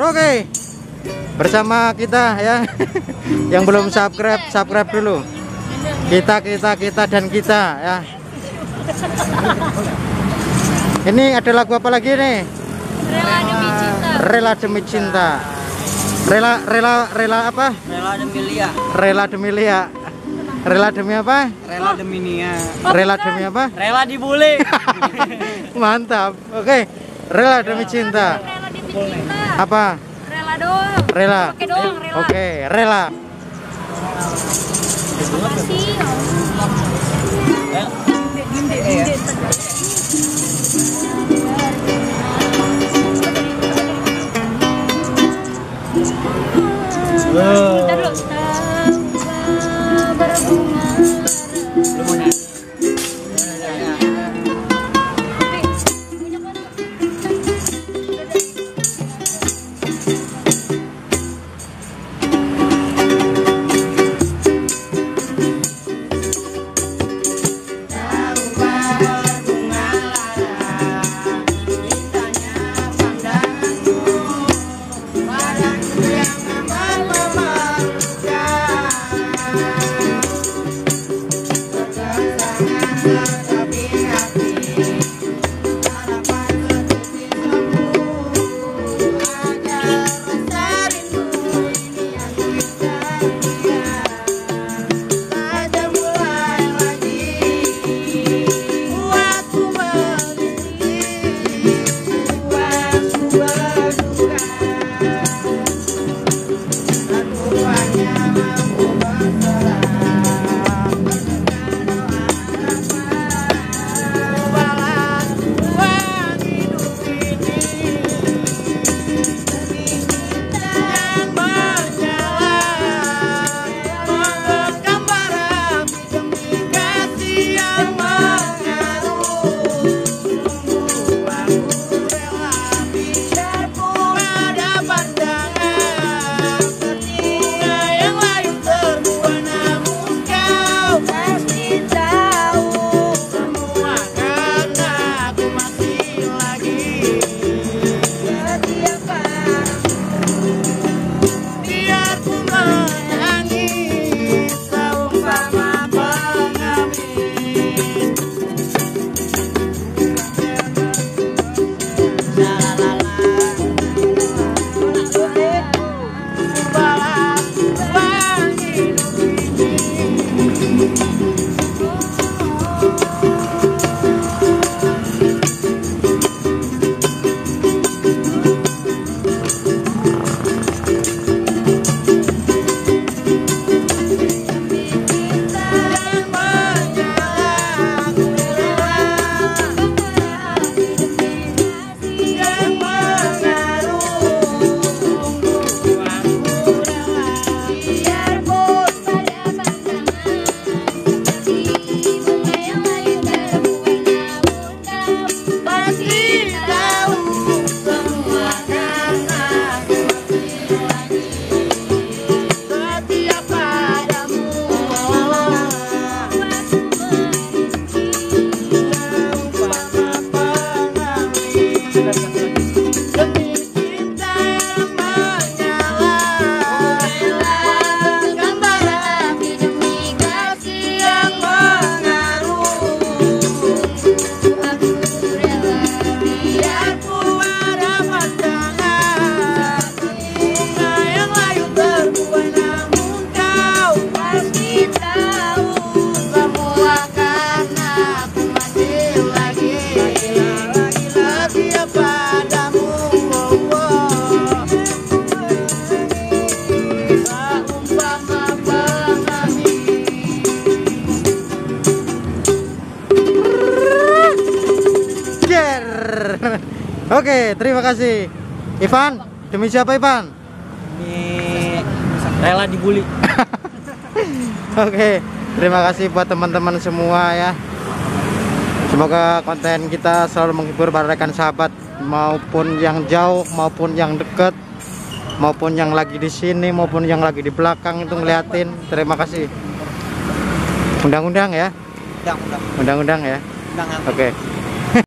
Oke. Bersama kita ya. yang belum subscribe, subscribe dulu. Kita kita kita dan kita ya. Ini ada lagu apa lagi nih? Rela demi cinta. Rela demi cinta. Rela rela rela apa? Rela demi Lia. Rela demi Lia. Rela demi apa? Rela demi Nia. Oh, rela demi apa? Rela dibully. Mantap. Oke. Okay. Rela demi cinta. Apa? Rela doang. Rela. Oke rela. Oke, rela. Wow. Oke, terima kasih. Ivan, demi siapa Ivan? Demi rela dibully. Oke, terima kasih buat teman-teman semua ya. Semoga konten kita selalu menghibur para rekan sahabat maupun yang jauh maupun yang dekat maupun yang lagi di sini maupun yang lagi di belakang itu ngeliatin. Terima kasih. Undang-undang ya. Undang-undang. Undang-undang ya. undang Oke. Okay.